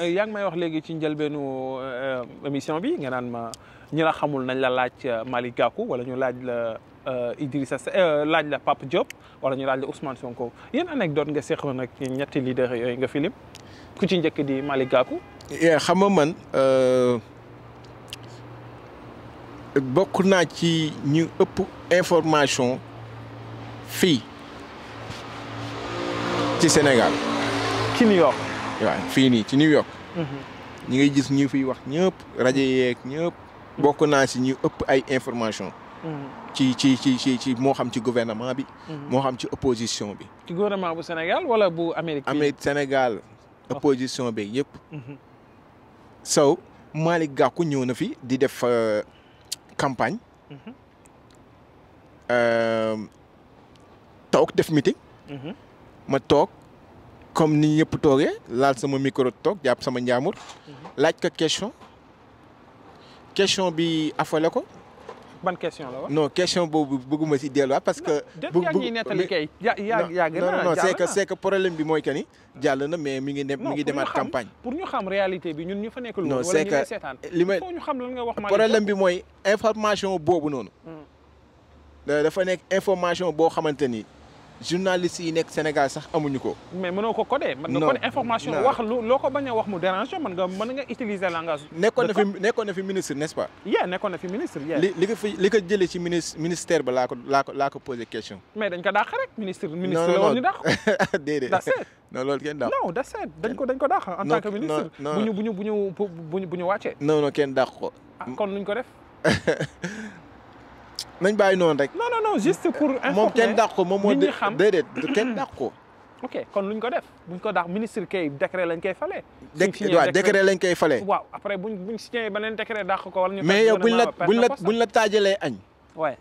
Euh, yaa ngi may wax léegi ci njëlbeenu euh, émission bi nga naan ma ñi la xamul nañ la laaj euh, Malick Gakou wala ñu laaj la Idrissa Seck laaj la pap Diop wala ñu laaj la Ousmane Sonko yéen anecdote nga seqoon ak ñetti leader yooyu nga filim ku ci njëkk di Malick Gakou. Eh, xam nga bokk naa ci ñu ëpp information fii ci Sénégal. ci New York. waaw fii nii ci New York. Mhm. ñi ngay gis ñi fiy wax ñëpp rajo yeeg ñëpp. Mhm. bokk naa si ñu ëpp ay information mhm. ci ci ci ci ci moo xam ci gouvernement bi. moo xam ci opposition bi. ci gouvernement bu Sénégal wala bu Amérique. Amérique Sénégal opposition bi yëpp. Sow Malick Gakou ñëw na fi di def euh, campagne. Euh, toog def meeting. ma toog comme ni ñëpp toogee laal sama micro toog jàpp sama njaamur. Mhm. laaj ko question question bi affolé ko. ban question la wax non question boobu bëgguma si delluwaat parce que. bu bu non non c'est que c'est que problème bi mooy que ni. jàll na mais mi ngi dem mi ngi demaat campagne. pour ñu xam réalité bi ñun ñu fa nekk lu wala ñu ngi seetaan li may problème bi mooy information boobu noonu. Hmm. dafa nekk information boo xamante ni. journalistes yi nekk Sénégal sax amuñu ko. mais mënoo ko codé. mën nga codé information wax loo ko bañ a wax mu dérange mën nga mën nga utiliser langage. nekkoon na fi nekkoon na fi ministre n'est-ce pas. yeah nekkoon na fi ministre yeah. li li ko fi li ko jëlee ci ministre ministère ba laa ko laa question. mais dañ ko dàq rek ministre. ministre la woon ñu dàq. déedéet non loolu kenn dàq. non that's it dañ ko dañ ko dàq en tant que ministre. non non bu ñu bu bu ñu bu ñu wàccee. non non kenn dàq ko. Ah, kon nuñ ko def. nañ bàyyi noonu rek. non non non juste pour. informer moom kenn dàq ko moom moo déedéet kenn dàq ko. kon luñ ko def buñ ko daax ministre kay décret lañ koy falee. suñ waaw décret lañ koy fale waaw après buñ buñ beneen décret dàq ko wala ñu. mais yow buñ la buñ la buñ la taajalee añ. waay.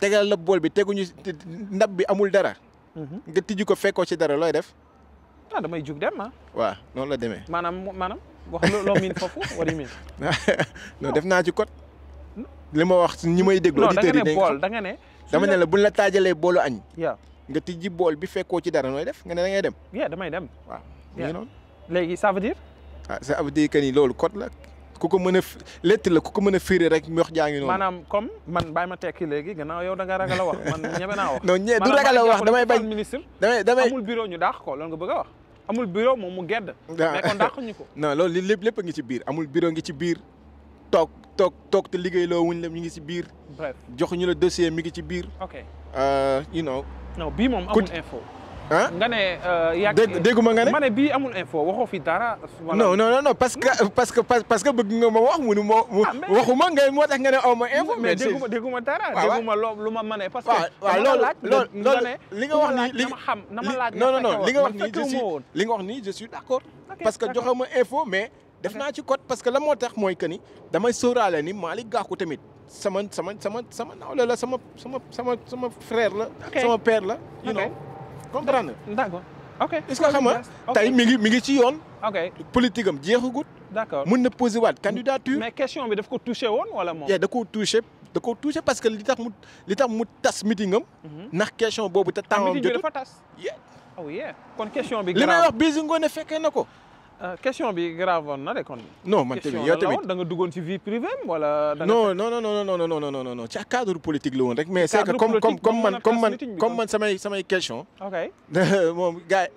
tegal la bool bi teguñu ndab bi amul dara. Mhm. nga tijji ko fekkoo ci dara looy def. ah damay jug dem ah. waaw noonu la demee. maanaam maanaam wax loo miin foofu war miin. non def naa ci code. li ma wax ñi may déglu auditeurs yi da nga ne dama ne la buñ la taajalee boolu añ nga tijji bool bi fekkoo ci dara nooy def nga ne da ngay dem yeah damay dem waaw ñu noonu léegi ça veut dire ah ça veut dire que ni loolu code la ku ko mën a lett la ku ko mën a firi rek wax jaa ngi noonu maanaam comme man bàyyi ma tekki léegi gannaaw yow da nga ragal a wax man ñeme naa wax non ñe du ragal a wax damay bañ ministre damay damay amul bureau ñu daax ko loolu nga bëgg a wax amul bureau moom mu gedd ah. mais kon daaxuñu ko non loolu li lépp lépp a ngi ci biir amul bureau ngi ci biir toog toog toog te liggéey loo wuñ la mi ngi ci biir. bref joxuñu la dossier mi ngi ci biir. ok euh, you know. bii moom amul info. ah nga ne euh, yaa ngi dégguma nga ne ma ne bii amul info fi dara. non non non parce que hmm? parce que que bëgg nga ma wax ah, mu ne ma. waxuma ngay moo tax nga ne aw ma info. mais dégguma dégguma dara. waaw dégguma loo lu ma mën parce que waaw li nga wax nii li nga na ma laaj non nga wax nii je li nga wax nii je suis d'accord. info mais. def naa ci code parce que la moo tax mooy que ni damay sóoraale ni Malick Gakou tamit sama sama sama sama nawle la sama sama sama sama frère la. sama père la. you know comprendre d'accord que xam nga tey mi ngi mi ngi ci yoon. ok politique am jeexagut. d'accord mën na poser waat candidature. mais question bi daf ko touché woon wala moom. da koo touché da koo touché que li tax mu li tax mu tas meeting am. Mhm. ndax question boobu te ah, temps am jotut. ah tas. ah kon question bi. li may wax Bijou Ngoné fekkee na ko. Euh, question bi grave woon na de kon. non man tamit yow tamit da nga duggoon ci vie privée wala. non non non non non non non non ci cadre politique la woon c'est que comme comme comme man comme comme man samay samay question ok moom gars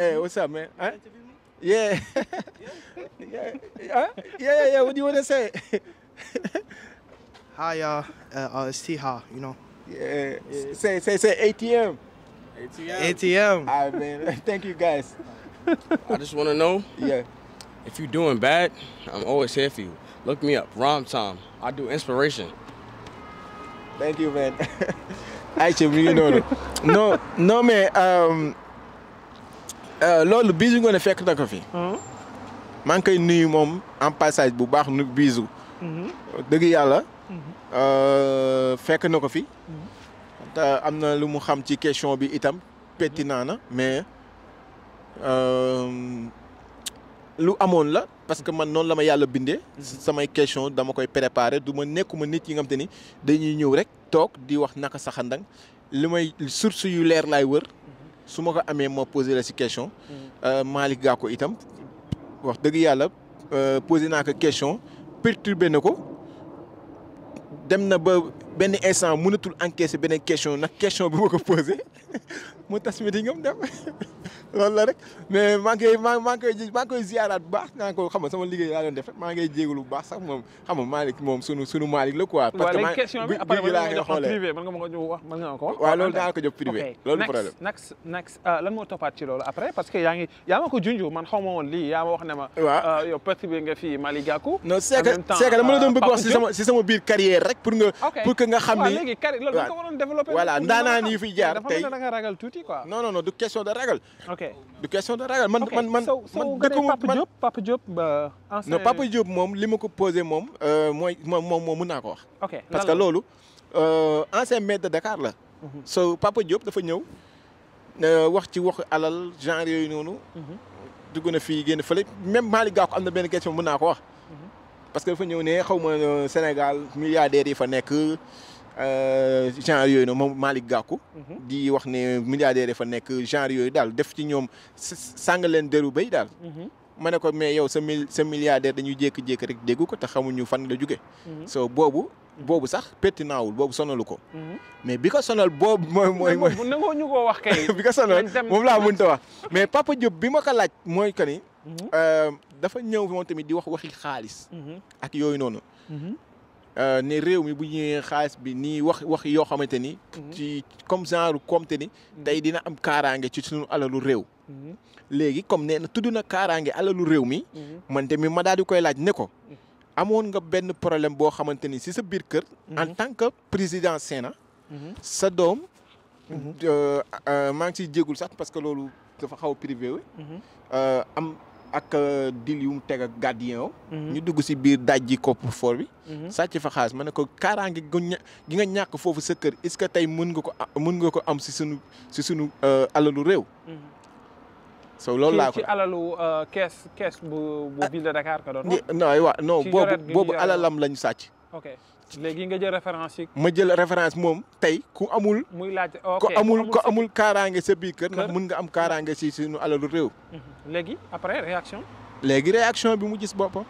yi. Ousseynou eh, mais yeah yeah yeah uh, uh, uh, yeah say ATM. ATM ATM. thank you guys. I just want to know. Yeah. If you're doing bad, I'm always here for you. Look me up, Rom Tom. I do inspiration. Thank you, man. ayca noonu non mais loolu bisu ngoone fekk na ko fi. Hmm? maa ngi nuyu moom en passage bu baax nu bisu. Hmm? dëgg yàlla. Hmm? Euh, fekk na ko fi. te am na lu mu xam ci question bi itam pertinent na mais. Euh, lu amoon la parce que man noonu la ma yàlla bindee. samay question dama koy préparer du ma nekkuma nit yi nga te ni dañuy ñëw rek toog di wax naka saxandang li may source yu leer laay wër. su ma ko amee moo posé la si question. Euh, Malick Gakou itam wax dëgg yàlla euh, posé naa ko question perturbé na ko dem na ba benn instant mënatul encaisser beneen question nag question bi ma ko posé mu tas mi di ngam dem. loolu la rek mais maa ngi koy maa ngi koy maa ngi koy ziaraat bu baax naa ko xam sama liggéey laa doon def rek maa baax sax moom xam nga moom sunu sunu Malick la quoi. parce que maa bi laa koy xoolee privé mën nga ma ko wax mën nga si sama biir carrière rek pour nga. nga xam ni waaw fi jaar tey dafa mel ne du question de ragal ok du question de ragal man man man. man dëkkuma Papa Diop Papa Papa Diop moom li ma ko posé moom euh, mooy moom moom mën naa ko wax. ok parce que loolu euh, ancien maire de Dakar la. Mhm. so Papa Diop dafa ñëw euh, wax ci wax alal genre yooyu noonu. Mhm. dugg na fii génn fële même Malick Gakou am na benn question mën naa ko wax. Mhm. parce que dafa ñëw ne xaw ma Sénégal milliardaires fa nekk. Euh, genre yooyu noonu moom Malick Gakou. Mhm. di wax ne milliardaire dafa nekk genre yooyu daal def ci ñoom sàng leen dëru béy daal. Mhm. ma ne ko mais yow sa mil sa milliardaire dañuy jékki-jékki rek dégg ko te xamuñu fan la jóge mhm. so boobu boobu sax pertinaawul boobu sonalu ko. mais bi ko sonal boobu mooy mooy mooy. nangoo ñu ko wax kay. bi ko sonal moom laa mënta wax mais Papa Diop bi ma ko laaj mooy que ni. Euh, dafa ñëw moom tamit di wax waxi xaalis. ak yooyu noonu. Euh, ne réew mi bu ñëwee xaalis bi nii wax wax yoo xamante ni. Mhm. ci comme genre comme te ni. Mhm. tey dina am kaaraange ci suñu alalu réew. Mhm. léegi comme nee na tudd na kaaraange alalu réew mi. man tamit ma daal di koy laaj ne ko. amoon nga benn problème boo xamante ni si sa biir kër. en tant que président Sénat. sa doom. Euh, euh, maa ngi ciy jégul sax parce que loolu dafa xaw a privé am ak euh, dil yu mu teg ak gardien mhm. ñu dugg si biir dajji coffre-fort bi. Mhm. sàcc fa xaalis ma ne ko kaaraange gi nga ñàkk foofu sa kër est-ce que tey mën nga ko mën nga ko am si sunu si sunu euh, alalu réew. Mhm. so loolu laa ko ci alalu euh, kees bu bu ah. ville de Dakar boobu alalam lañu sàcc. léegi nga jël référence yi. ma jël référence moom tey ku amul. muy laaj ok ku amul ku amul kaaraange sa biir kër. ndax mun nga am kaaraange si suñu alalu réew. Mhm. léegi après réaction. léegi réaction bi mu jis boppam.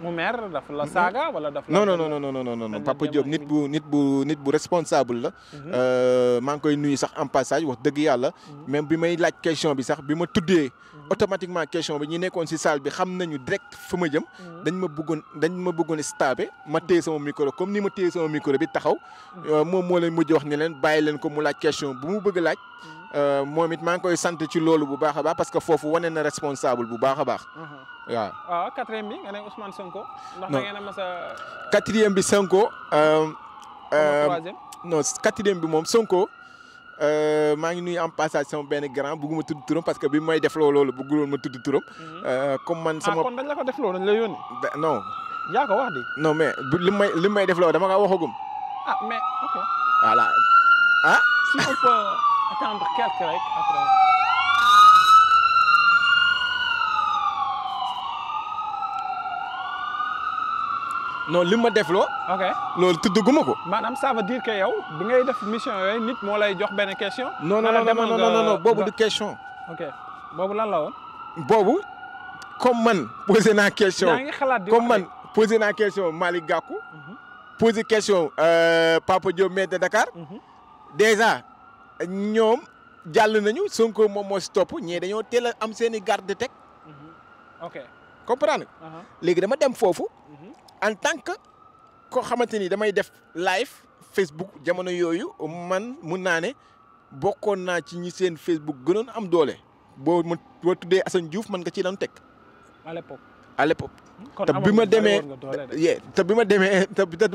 mu mer daf la mhm. saaga wala daf la. non non non non non non Papa Diop nit bu nit bu nit bu responsable la. Mhm. Euh, maa ngi koy nuyu sax en passage wax dëgg yàlla. même bi may laaj question bi sax bi ma tuddee. automatiquement question bi ñi nekkoon ci salle bi xam nañu direct fa ma jëm. Mm. dañ ma bëggoon dañ ma bëggoon stabé ma téye sama micro comme ni ma téye sama micro bi taxaw. Mm. Euh, moom moo leen mujj wax ni leen bàyyi leen ko mu laaj question bu mu bëgg laaj. Mm. Euh, moom it maa ngi koy sant ci loolu bu baax a baax parce que foofu wanee na responsable bu baax a baax. Mm-hmm. waaw waaw ah, quatrième bi nga ne Ousmane Sonko. ndax da a mas a. bi Sonko. non euh, troisième non quatrième bi moom Sonko. Euh, maa ngi nuy en passage sama benn grand bëgguma tudd turam parce que bi may defloo loolu bëgguloon ma tudd turam. Mhm. Euh, comme man sama ah kon dañ la ko defloo dañ la yónni. non. yaa ko wax de. non mais bu li may li may defloo dama ko waxagum. ah mais ok. voilà ah! si on peut attendre quelques rek non li ma def loo. ok loolu tuddaguma ko. maanaam ça veut dire yow bi ngay def mission yooyu nit moo lay jox benn question. non non non non non non boobu du question. ok boobu lan la woon. boobu comme man posé naa question. yaa ngi xalaat di comme man posé naa question Malick Gakou. Mhm. posé question euh, Papa Diop maire de Dakar. Mhm. déjà ñoom jàll nañu Sonko moom moo si topp ñee dañoo teel a am seeni i garde teg. Mhm. ok uh-huh. léegi dama dem foofu. en tant que koo xamante ni damay def live Facebook jamono yooyu man mun naa ne bokkoon naa ci ñi seen Facebook gënoon am doole boo ma boo tuddee Assane Diouf man nga ci doon teg. à l'époque à l'époque hmm? bi ma demee te bi ma demee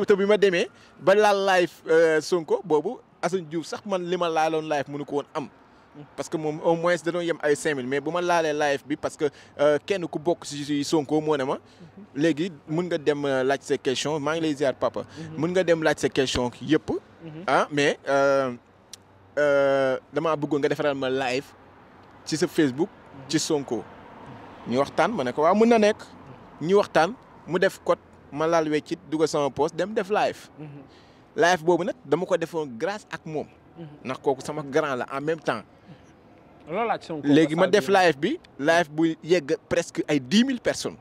te bi ma demee ba laal live euh, Sonko boobu Assane Diouf sax man li ma laaloon live mënu ko woon am. parce que moom au moins dañoo yem ay 5000 mais bu ma laalee live bi parce que euh, kenn ku bokk si Sonko moo ne ma. Mhm. léegi mun nga dem euh, laaj sa question maa ngi lay ziar papa. Mhm. mun nga dem laaj sa question yëpp. Mhm. ah mais euh, damaa bëggoon nga defaral ma live ci sa Facebook. ci Sonko. ñu waxtaan ma ne ko waaw mën na nekk. ñu waxtaan mu def code ma laal weccit dugal sama poste dem def live. live boobu nag dama ko defoon grâce ak moom. ndax kooku sama grand la en même temps. loolu léegi ma def live bi live bu yegg presque ay dix mille personnes.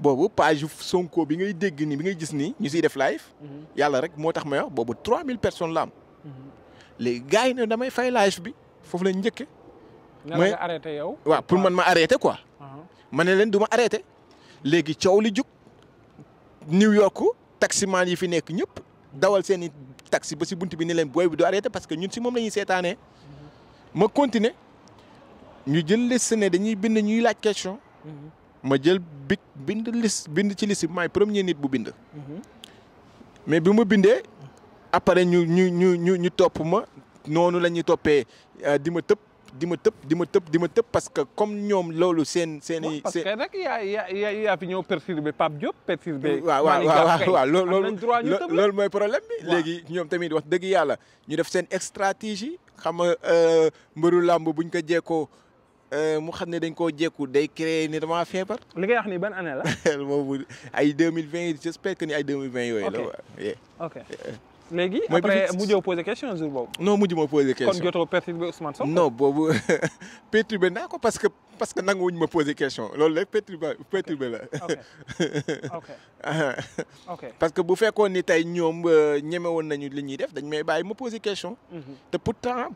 boobu page Sonko bi ngay dégg nii bi ngay gis nii ñu siy def live. Mhm. yàlla rek moo tax ma wax boobu trois mille personnes la mhm. léegi gars yi ne damay fay live bi foofu lañ njëkke mais nga yow. waaw pour man ma ah. arrêté quoi. Uh-huh. ma ne leen duma ma léegi coow li jug New York taximaan yi fi nekk ñëpp dawal seen i taxi ba si bunt bi ni leen booy bi du arrêté parce que ñun si moom la ñuy seetaanee. Mm-hmm. ma continuer ñu jël liste ne dañuy bind ñuy laaj question. ma jël bic bind liste bind ci liste bi maay premier nit bu bind. mais bi ma bindee après ñu ñu ñu ñu ñu topp ma noonu la ñuy toppee euh, di ma tëpp di ma tëb di ma tëb di ma tëb parce que comme ñoom loolu seen seen i. parce que nag yaa yaa yaa fi ñëw perturbé Pape Diop. perturbé waaw waaw waaw loolu loolu mooy problème bi. léegi ñoom tamit wax dëgg yàlla ñu def seen stratégie. xam nga euh, mbëru làmb buñ ko jekkoo euh, mu xam ne dañ ko jekku day créer ni dama feebar. li ngay xam ni ban année la. boobu ay deux mille vingt j'espère que ni ay deux mille vingt yooyu la. ok ok. léegi après mujjoo posé question jour boobu. non mujj ma posé question kon jotoo perturbé Ousmane Sonko. non boobu perturbé naa ko parce que parce que nanguwuñ ma posé question loolu rek perturbé perturbé la. ok ah. ok parce que bu fekkoon ni tey ñoom euh, ñeme woon nañu li ñuy def dañ may bàyyi ma posé question. Mhm. te pourtant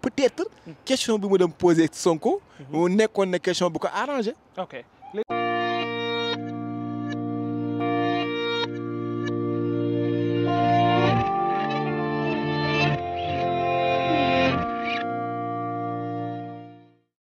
peut-être question bi mu dem posé Sonko. Mhm. mu nekkoon na question bu ko arrangé. ok